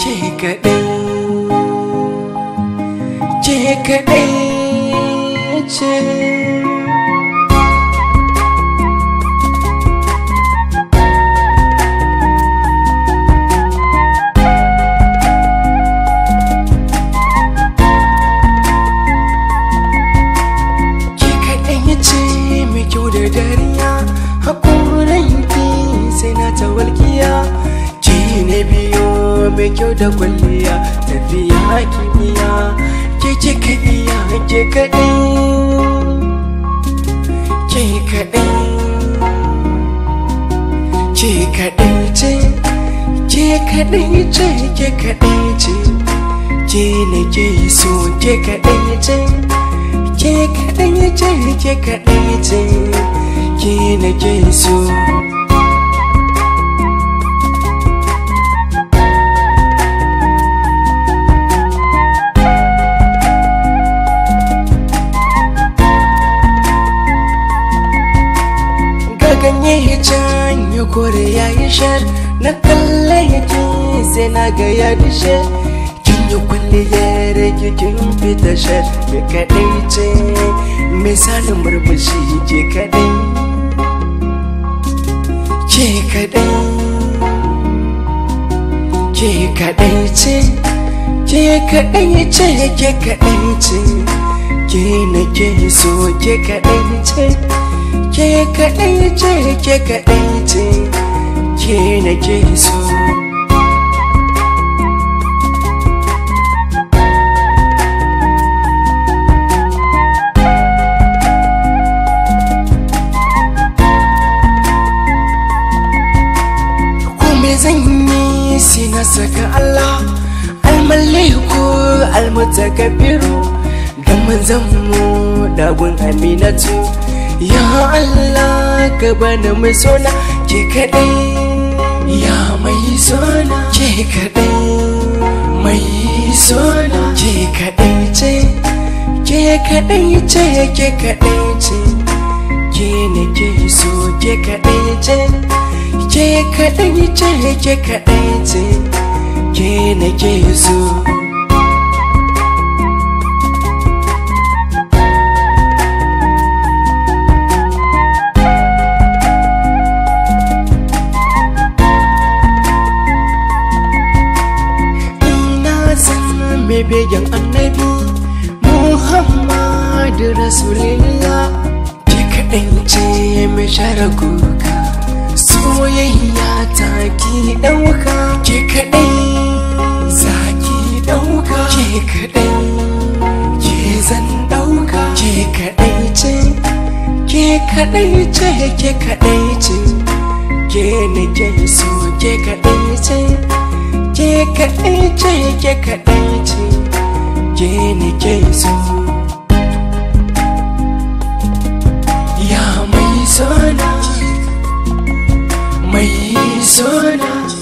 ce kaɗai ce kaɗai ta walkiya ci ne biyo mai kyau da kwalliya tafiya kimiyya ke ce ka iya ke kaɗai ke kaɗai ke kaɗai ce ke kaɗai ce ke kaɗai ce ke ne ke so ke kaɗai ce ke kaɗai ce ke kaɗai ce ke ne ke so ganye hijan ya kore ya yi shar na kalle yake sai na ga ya dishe kin yi kulle ya rage kin fita shar me kadai ce me sani murmushi ke kadai ke kadai ke kadai ce ke kadai ce ke kadai ce ke na ke so ke kadai ce ke kaɗai ce ke kaɗai ce ke na ke so zan yi sina saka Allah almaliku almutakabiru da manzanmu dagun aminatu ya Allah ka bani mai sona ke kaɗai ya mai sona ke kaɗai mai sona ke kaɗai ce ke kaɗai ce ke kaɗai ce ke ne ke so ke kaɗai ce ke kaɗai ce ke kaɗai ce ke ne ke so mai begen annabi muhammadu rasulillah ki kaɗan ce mai share kuka soyayya ta ki ɗauka Ke kaɗai za ki ɗauka Ke kaɗai ki zan ɗauka Ke kaɗai ce ke kaɗai ce ke kaɗai ce ke nake so ke kaɗai ce ke kaɗai ce ke kaɗai ke nake so ya mai sana mai sona